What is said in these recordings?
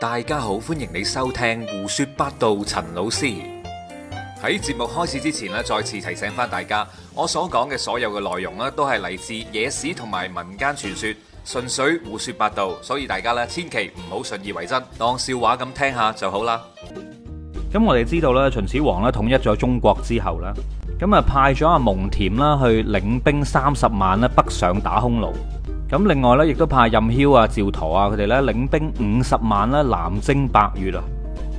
大家好，歡迎你收聽胡說八道。陳老師喺節目開始之前咧再次提醒翻大家，我所講嘅所有嘅內容咧都係嚟自野史同埋民間傳說，純粹胡說八道，所以大家咧千祈唔好信以為真，當笑話咁聽下就好啦。咁我哋知道咧，秦始皇咧統一咗中國之後啦，咁啊派咗阿蒙恬啦去領兵三十萬咧北上打匈奴。咁另外咧，亦都派任囂啊、趙佗啊，佢哋咧領兵五十萬咧南征百越啊。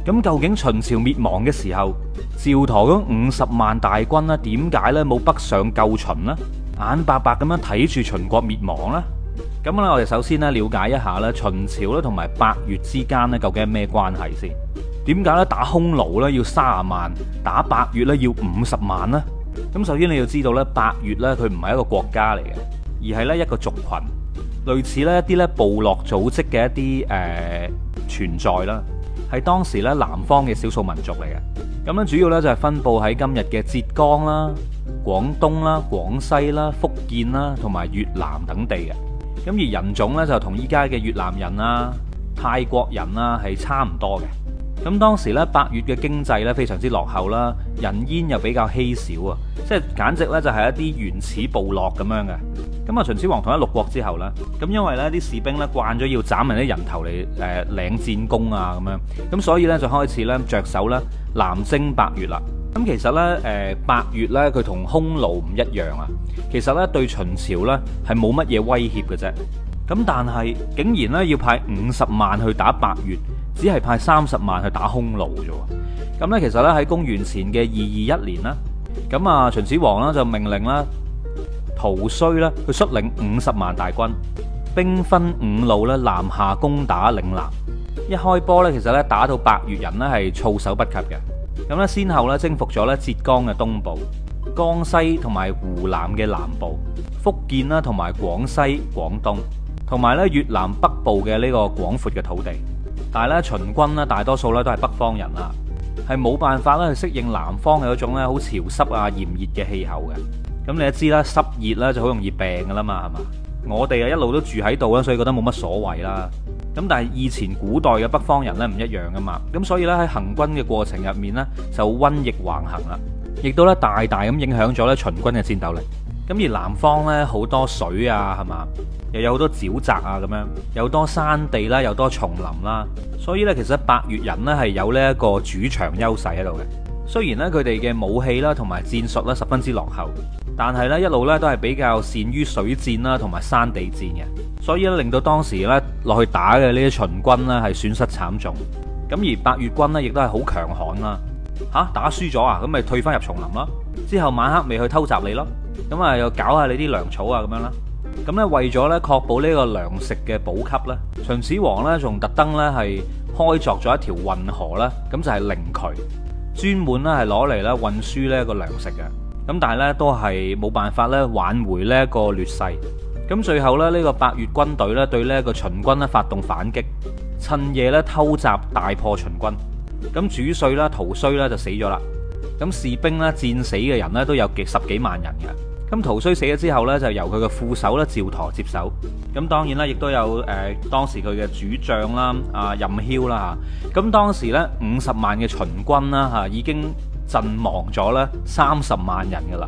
咁究竟秦朝滅亡嘅時候，趙佗嗰五十萬大軍呢點解呢？冇北上救秦呢？眼白白咁樣睇住秦國滅亡呢？咁咧，我哋首先咧了解一下咧秦朝咧同埋百越之間咧究竟係咩關係先？點解咧打匈奴咧要三十萬，打百越咧要五十萬呢？咁首先你要知道咧，百越咧佢唔係一個國家嚟嘅。而係咧一個族群，類似咧一啲咧部落組織嘅一啲誒、呃、存在啦，係當時咧南方嘅少數民族嚟嘅。咁樣主要咧就係分佈喺今日嘅浙江啦、廣東啦、廣西啦、福建啦同埋越南等地嘅。咁而人種呢，就同依家嘅越南人啦、泰國人啦係差唔多嘅。咁當時咧，百越嘅經濟咧非常之落後啦，人煙又比較稀少啊，即係簡直咧就係一啲原始部落咁樣嘅。咁啊，秦始皇統一六國之後啦，咁因為呢啲士兵呢，慣咗要斬人啲人頭嚟誒領戰功啊咁樣，咁所以呢，就開始呢，着手呢，南征百越啦。咁其實呢，百越呢，佢同匈奴唔一樣啊，其實呢，實對秦朝呢，係冇乜嘢威脅嘅啫。咁但係竟然呢，要派五十萬去打百越。只係派三十萬去打匈奴啫喎。咁咧，其實咧喺公元前嘅二二一年啦，咁啊，秦始皇啦就命令啦屠睢咧去率領五十萬大軍，兵分五路咧南下攻打嶺南。一開波咧，其實咧打到百越人咧係措手不及嘅。咁咧，先後咧征服咗咧浙江嘅東部、江西同埋湖南嘅南部、福建啦同埋廣西、廣東，同埋咧越南北部嘅呢個廣闊嘅土地。但係咧，秦軍咧，大多數咧都係北方人啦，係冇辦法咧去適應南方嘅嗰種咧好潮濕啊、炎熱嘅氣候嘅。咁你都知啦，濕熱啦就好容易病噶啦嘛，係嘛？我哋啊一路都住喺度啦，所以覺得冇乜所謂啦。咁但係以前古代嘅北方人咧唔一樣噶嘛，咁所以咧喺行軍嘅過程入面咧就瘟疫橫行啦，亦都咧大大咁影響咗咧秦軍嘅戰鬥力。咁而南方咧好多水啊，係嘛？又有好多沼澤啊，咁樣又多山地啦、啊，又多叢林啦、啊，所以咧其實百越人呢係有呢一個主場優勢喺度嘅。雖然咧佢哋嘅武器啦同埋戰術咧、啊、十分之落後，但係咧一路咧都係比較擅於水戰啦同埋山地戰嘅，所以咧令到當時咧落去打嘅呢啲秦軍呢、啊、係損失慘重。咁而百越軍呢亦都係好強悍啦、啊、吓、啊，打輸咗啊，咁咪退翻入叢林啦、啊。之後晚黑咪去偷襲你咯。咁啊，又搞下你啲糧草啊，咁樣啦。咁咧為咗咧確保呢個糧食嘅補給咧，秦始皇咧仲特登咧係開鑿咗一條運河咧，咁就係、是、靈渠，專門咧係攞嚟咧運輸呢個糧食嘅。咁但係咧都係冇辦法咧挽回呢一個劣勢。咁最後咧呢、這個百越軍隊咧對呢一個秦軍咧發動反擊，趁夜咧偷襲大破秦軍。咁主帥啦、屠睢啦就死咗啦。咁士兵咧戰死嘅人咧都有幾十幾萬人嘅。咁屠睢死咗之後呢，就由佢嘅副手咧趙佗接手。咁當然啦，亦都有誒、呃、當時佢嘅主將啦，啊任囂啦嚇。咁當時呢，五十萬嘅秦軍啦、啊、已經陣亡咗咧三十萬人噶啦。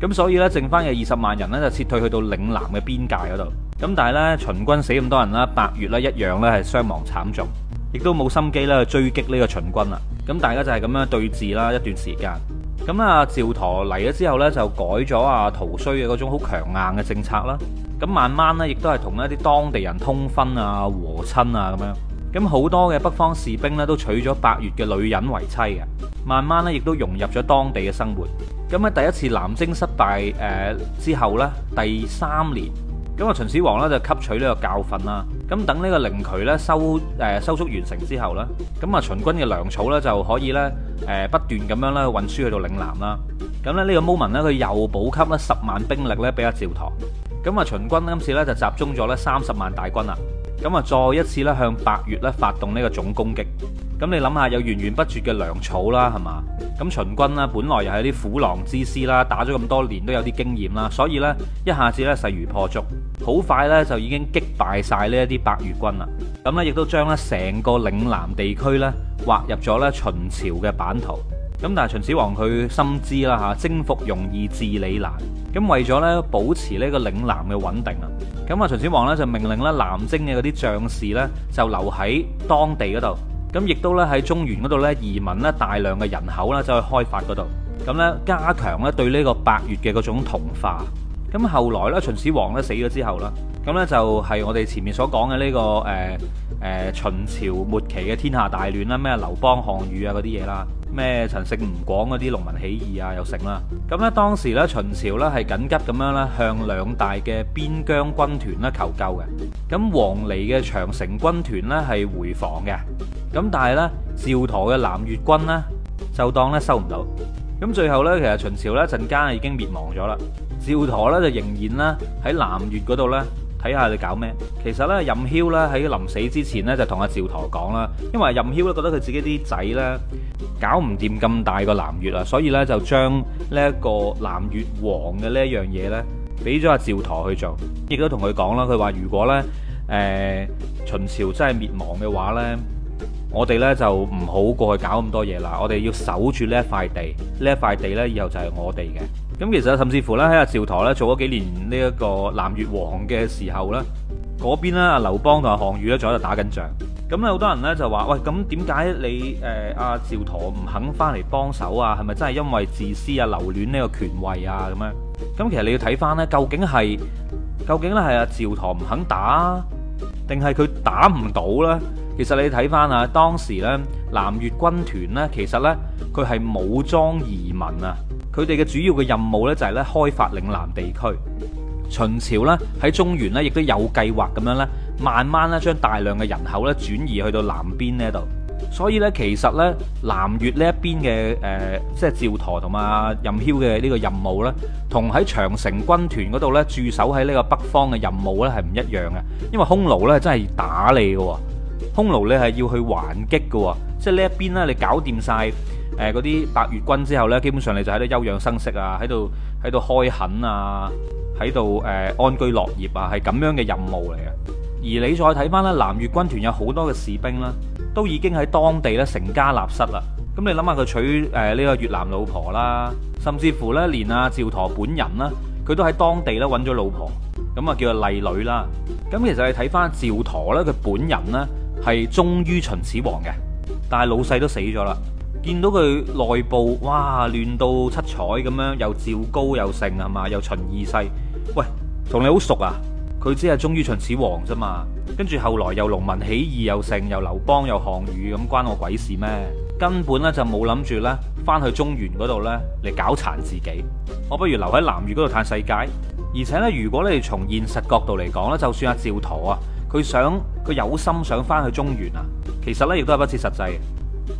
咁、啊、所以呢，剩翻嘅二十萬人呢，就撤退去到嶺南嘅邊界嗰度。咁、啊、但係呢，秦軍死咁多人啦，百越呢一樣呢，係傷亡慘重，亦都冇心機咧追擊呢個秦軍啦。咁、啊、大家就係咁樣對峙啦一段時間。咁啊，趙佗嚟咗之後呢，就改咗啊屠睢嘅嗰種好強硬嘅政策啦。咁慢慢呢，亦都係同一啲當地人通婚啊、和親啊咁樣。咁好多嘅北方士兵呢，都娶咗百越嘅女人為妻嘅。慢慢呢，亦都融入咗當地嘅生活。咁喺第一次南征失敗誒之後呢，第三年，咁啊秦始皇呢，就吸取呢個教訓啦。咁等呢個靈渠咧收誒、呃、收縮完成之後呢，咁啊秦軍嘅糧草呢，就可以呢誒不斷咁樣咧運輸去到嶺南啦。咁咧呢個 moment 呢，佢又補給咧十萬兵力咧俾阿趙佗，咁啊秦軍今次咧就集中咗咧三十萬大軍啦。咁啊，再一次咧向白越咧發動呢個總攻擊。咁你諗下，有源源不絕嘅糧草啦，係嘛？咁秦軍啦，本來又係啲虎狼之師啦，打咗咁多年都有啲經驗啦，所以呢，一下子呢勢如破竹，好快呢，就已經擊敗晒呢一啲白越軍啦。咁呢亦都將呢成個嶺南地區呢，劃入咗呢秦朝嘅版圖。咁但係秦始皇佢深知啦吓，征服容易治理難，咁為咗咧保持呢個嶺南嘅穩定啊，咁啊秦始皇咧就命令咧南征嘅嗰啲將士咧就留喺當地嗰度，咁亦都咧喺中原嗰度咧移民咧大量嘅人口啦走去開發嗰度，咁咧加強咧對呢個百越嘅嗰種同化。咁後來咧秦始皇咧死咗之後啦，咁咧就係我哋前面所講嘅呢個誒誒秦朝末期嘅天下大亂啦，咩劉邦、項羽啊嗰啲嘢啦。咩？陳勝吳廣嗰啲農民起義啊，又成啦。咁咧當時咧秦朝咧係緊急咁樣咧向兩大嘅邊疆軍團咧求救嘅。咁王離嘅長城軍團咧係回防嘅。咁但係咧趙佗嘅南越軍呢就當咧收唔到。咁最後咧其實秦朝咧陣間已經滅亡咗啦。趙佗咧就仍然咧喺南越嗰度咧。睇下你搞咩？其實咧，任囂咧喺臨死之前咧，就同阿趙佗講啦，因為任囂咧覺得佢自己啲仔咧搞唔掂咁大個南越啊，所以呢就將呢一個南越，個南越王嘅呢一樣嘢咧，俾咗阿趙佗去做，亦都同佢講啦，佢話如果呢誒、呃、秦朝真係滅亡嘅話呢。我哋呢就唔好過去搞咁多嘢啦，我哋要守住呢一塊地，呢一塊地呢以後就係我哋嘅。咁其實甚至乎呢，喺阿趙佗呢做咗幾年呢一個南越王嘅時候呢，嗰邊呢，阿劉邦同阿項羽呢仲喺度打緊仗。咁有好多人呢就話喂，咁點解你誒阿趙佗唔肯翻嚟幫手啊？係咪真係因為自私啊，留戀呢個權位啊咁樣？咁其實你要睇翻呢，究竟係究竟呢，係阿趙佗唔肯打，定係佢打唔到呢？其實你睇翻啊，當時呢南越軍團呢，其實呢，佢係武裝移民啊。佢哋嘅主要嘅任務呢，就係呢開發嶺南地區。秦朝呢，喺中原呢，亦都有計劃咁樣呢，慢慢咧將大量嘅人口呢轉移去到南邊呢度。所以呢，其實呢南越呢一邊嘅誒，即係趙佗同啊任囂嘅呢個任務呢，同喺長城軍團嗰度呢，駐守喺呢個北方嘅任務呢，係唔一樣嘅，因為匈奴呢，真係打你嘅。匈奴咧係要去還擊嘅喎，即係呢一邊咧，你搞掂晒誒嗰啲白越軍之後咧，基本上你就喺度休養生息啊，喺度喺度開墾啊，喺度誒安居樂業啊，係咁樣嘅任務嚟嘅。而你再睇翻咧，南越軍團有好多嘅士兵啦，都已經喺當地咧成家立室啦。咁你諗下佢娶誒呢個越南老婆啦，甚至乎咧連阿趙佗本人啦，佢都喺當地揾咗老婆，咁啊叫做麗女啦。咁其實你睇翻趙佗呢，佢本人呢。係忠於秦始皇嘅，但係老細都死咗啦。見到佢內部哇亂到七彩咁樣，又趙高又勝係嘛，又秦二世，喂，同你好熟啊？佢只係忠於秦始皇啫嘛。跟住後，後來又農民起義又勝，又劉邦又項羽咁，關我鬼事咩？根本呢就冇諗住呢翻去中原嗰度呢嚟搞殘自己。我不如留喺南越嗰度嘆世界。而且呢，如果你從現實角度嚟講呢，就算阿趙佗啊。佢想佢有心想返去中原啊，其實呢亦都係不切實際。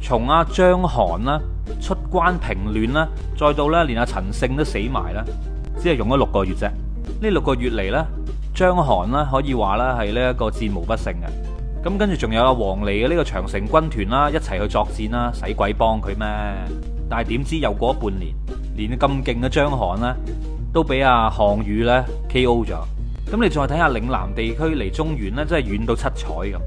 從阿張韓啦出關平亂啦，再到咧連阿陳勝都死埋啦，只係用咗六個月啫。呢六個月嚟呢張韓咧可以話咧係呢一個戰無不勝嘅。咁跟住仲有阿王離嘅呢個長城軍團啦，一齊去作戰啦，使鬼幫佢咩？但係點知又過咗半年，連咁勁嘅張韓呢，都俾阿項羽呢 K.O. 咗。咁你再睇下嶺南地區離中原呢真係遠到七彩咁。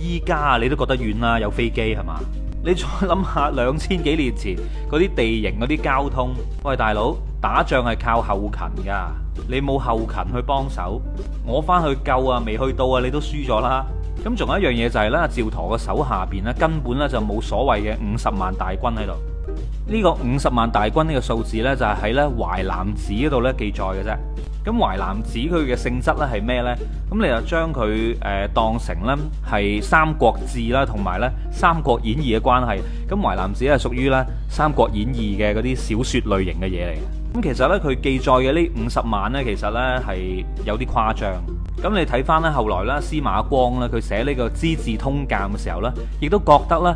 依家你都覺得遠啦，有飛機係嘛？你再諗下兩千幾年前嗰啲地形、嗰啲交通。喂，大佬，打仗係靠後勤噶，你冇後勤去幫手，我翻去救啊，未去到啊，你都輸咗啦。咁仲有一樣嘢就係呢，趙佗嘅手下邊呢根本呢就冇所謂嘅五十萬大軍喺度。呢個五十萬大軍呢個數字呢，就係喺呢淮南子嗰度呢記載嘅啫。咁《淮南子》佢嘅性質咧係咩呢？咁你就將佢誒當成呢係《三國志》啦，同埋呢《三國演義》嘅關係。咁《淮南子》係屬於呢《三國演義》嘅嗰啲小説類型嘅嘢嚟嘅。咁其實呢，佢記載嘅呢五十萬呢，其實呢係有啲誇張。咁你睇翻呢，後來啦，司馬光啦，佢寫呢、呢個《資治通鑑》嘅時候呢，亦都覺得呢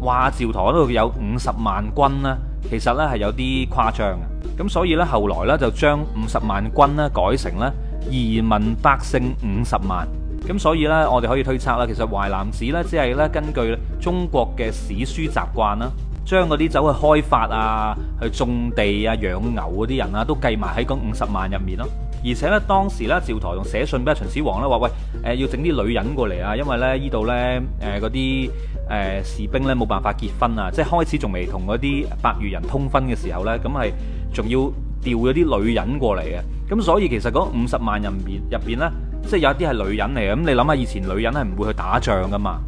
話趙佗都有五十萬軍呢，其實呢係有啲誇張。咁所以咧，後來咧就將五十萬軍咧改成咧移民百姓五十萬。咁所以咧，我哋可以推測啦，其實淮南子咧，只係咧根據中國嘅史書習慣啦，將嗰啲走去開發啊、去種地啊、養牛嗰啲人啊，都計埋喺嗰五十萬入面咯。而且咧，當時咧，趙佗仲寫信俾秦始皇啦，話喂誒要整啲女人過嚟啊，因為咧呢度咧誒嗰啲誒士兵咧冇辦法結婚啊，即係開始仲未同嗰啲百越人通婚嘅時候咧，咁係。仲要調咗啲女人過嚟嘅，咁所以其實嗰五十萬人入面入邊呢，即係有啲係女人嚟嘅。咁你諗下，以前女人係唔會去打仗噶嘛？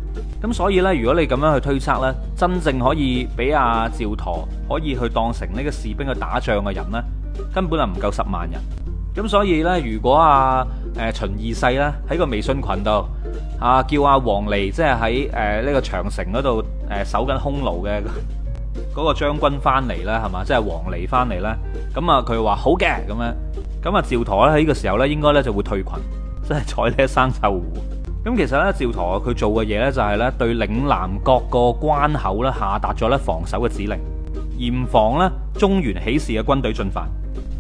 咁所以呢，如果你咁樣去推測呢，真正可以俾阿趙佗可以去當成呢個士兵去打仗嘅人呢，根本係唔夠十萬人。咁所以呢，如果阿、啊、誒秦二世呢，喺個微信群度啊，叫阿、啊、王離即係喺呢個長城嗰度守緊匈奴嘅，嗰個將軍翻嚟啦，係嘛？即係王離翻嚟啦。咁啊，佢話好嘅咁樣。咁啊趙佗咧喺呢個時候呢，應該呢就會退群，真係在呢一生臭湖。咁其實呢，趙佗佢做嘅嘢呢，就係呢對嶺南各個關口呢，下達咗呢防守嘅指令，嚴防呢中原起事嘅軍隊進犯。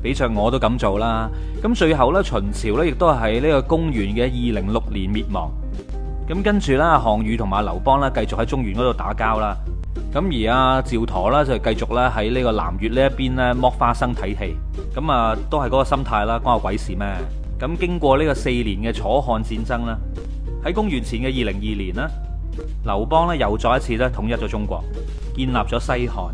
比着我都咁做啦。咁最後呢，秦朝呢，亦都係呢個公元嘅二零六年滅亡。咁跟住呢，項羽同埋劉邦呢，繼續喺中原嗰度打交啦。咁而阿趙佗呢，就繼續咧喺呢個南越呢一邊咧剝花生睇戲，咁啊都係嗰個心態啦，關我鬼事咩？咁經過呢個四年嘅楚漢戰爭啦，喺公元前嘅二零二年啦，劉邦呢又再一次咧統一咗中國，建立咗西漢。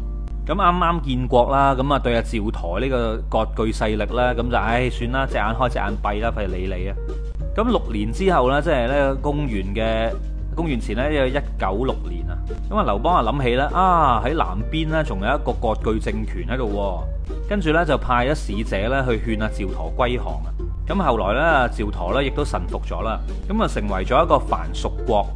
咁啱啱建國啦，咁啊對阿趙佗呢個割據勢力啦咁就唉、哎、算啦，隻眼開隻眼閉啦，費事理你啊。咁六年之後呢，即係呢個公元嘅。公元前咧有一九六年啊，咁啊劉邦啊諗起啦，啊喺南邊咧仲有一個割據政權喺度，跟住咧就派咗使者咧去勸阿趙佗歸降啊，咁後來咧啊趙佗咧亦都臣服咗啦，咁啊成為咗一個藩屬國，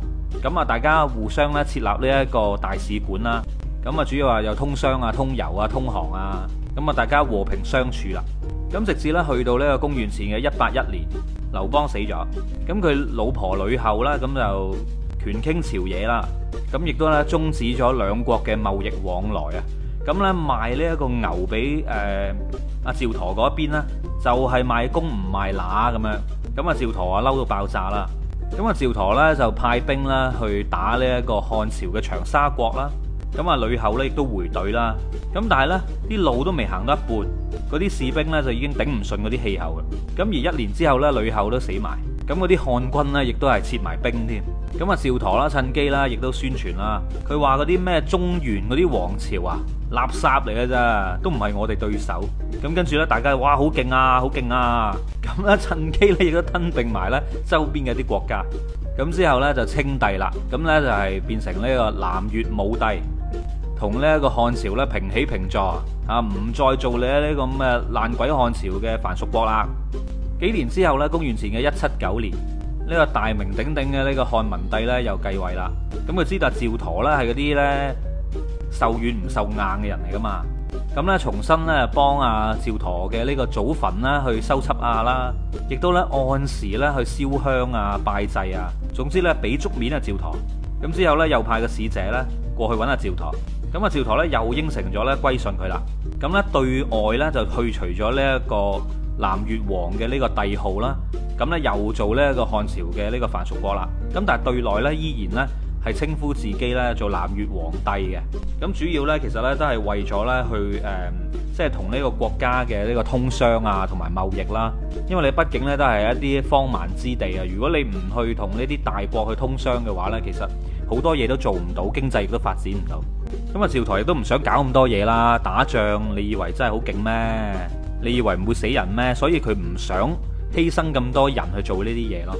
咁啊大家互相咧設立呢一個大使館啦，咁啊主要啊又通商啊、通郵啊、通航啊，咁啊大家和平相處啦，咁直至咧去到呢個公元前嘅一八一年，劉邦死咗，咁佢老婆呂后啦，咁就。權傾朝野啦，咁亦都咧終止咗兩國嘅貿易往來啊！咁咧賣呢一個牛俾誒阿趙佗嗰一邊咧，就係賣公唔賣乸咁樣，咁阿趙佗啊嬲到爆炸啦！咁阿趙佗咧就派兵咧去打呢一個漢朝嘅長沙國啦，咁阿呂后咧亦都回隊啦，咁但係咧啲路都未行得一半，嗰啲士兵咧就已經頂唔順嗰啲氣候啊！咁而一年之後咧，呂后都死埋。咁嗰啲漢軍呢，亦都係撤埋兵添。咁啊，趙佗啦，趁機啦，亦都宣傳啦。佢話嗰啲咩中原嗰啲王朝啊，垃圾嚟嘅咋，都唔係我哋對手。咁跟住呢，大家哇，好勁啊，好勁啊！咁咧，趁機咧，亦都吞併埋咧周邊嘅啲國家。咁之後呢，就稱帝啦。咁呢，就係、是、變成呢個南越武帝，同呢一個漢朝呢平起平坐啊，唔再做你呢咁嘅爛鬼漢朝嘅藩屬國啦。幾年之後咧，公元前嘅一七九年，呢個大名鼎鼎嘅呢個漢文帝咧又繼位啦。咁佢知道趙佗咧係嗰啲咧受軟唔受硬嘅人嚟噶嘛。咁咧重新咧幫阿趙佗嘅呢個祖墳啦去收葺下啦，亦都咧按時咧去燒香啊拜祭啊。總之咧俾足面阿趙佗。咁之後咧又派個使者咧過去揾阿趙佗。咁阿趙佗咧又應承咗咧歸順佢啦。咁咧對外咧就去除咗呢一個，南越王嘅呢個帝號啦，咁咧又做呢個漢朝嘅呢個藩屬國啦，咁但係對內咧依然咧係稱呼自己咧做南越皇帝嘅，咁主要咧其實咧都係為咗咧去誒，即係同呢個國家嘅呢個通商啊，同埋貿易啦，因為你畢竟咧都係一啲荒蠻之地啊，如果你唔去同呢啲大國去通商嘅話咧，其實好多嘢都做唔到，經濟亦都發展唔到。咁啊，趙佗亦都唔想搞咁多嘢啦，打仗，你以為真係好勁咩？你以為唔會死人咩？所以佢唔想犧牲咁多人去做呢啲嘢咯。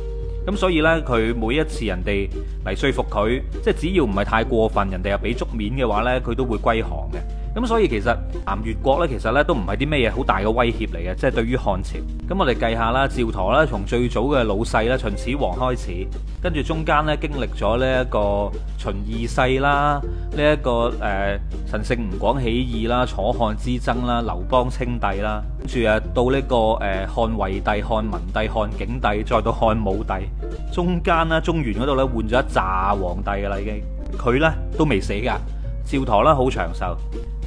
咁所以呢，佢每一次人哋嚟說服佢，即係只要唔係太過分，人哋又俾足面嘅話呢，佢都會歸降嘅。咁所以其實南越國咧，其實咧都唔係啲咩嘢好大嘅威脅嚟嘅，即係對於漢朝。咁我哋計下啦，趙佗咧，從最早嘅老世呢，秦始皇開始，跟住中間咧經歷咗呢一個秦二世啦，呢一個誒陳勝吳廣起義啦、楚漢之爭啦、劉邦稱帝啦，跟住啊到呢個誒漢惠帝、漢文帝、漢景帝，再到漢武帝，中間咧中原嗰度咧換咗一炸皇帝嘅啦，已經佢咧都未死㗎。趙佗咧好長壽。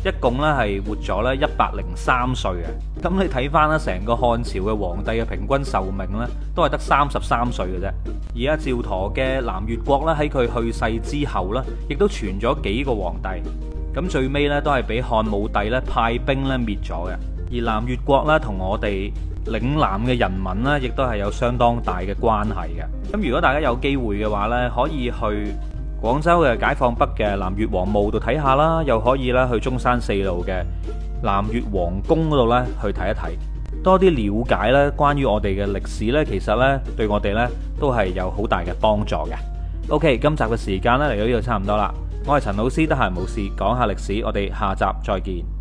一共咧係活咗咧一百零三歲嘅，咁你睇翻咧成個漢朝嘅皇帝嘅平均壽命咧，都係得三十三歲嘅啫。而家趙佗嘅南越國咧喺佢去世之後呢，亦都傳咗幾個皇帝，咁最尾呢，都係俾漢武帝咧派兵咧滅咗嘅。而南越國呢，同我哋嶺南嘅人民呢，亦都係有相當大嘅關係嘅。咁如果大家有機會嘅話呢，可以去。廣州嘅解放北嘅南越王墓度睇下啦，又可以去中山四路嘅南越王宮度咧去睇一睇，多啲了解咧關於我哋嘅歷史咧，其實咧對我哋咧都係有好大嘅幫助嘅。OK，今集嘅時間咧嚟到呢度差唔多啦，我係陳老師，得閒無事講下歷史，我哋下集再見。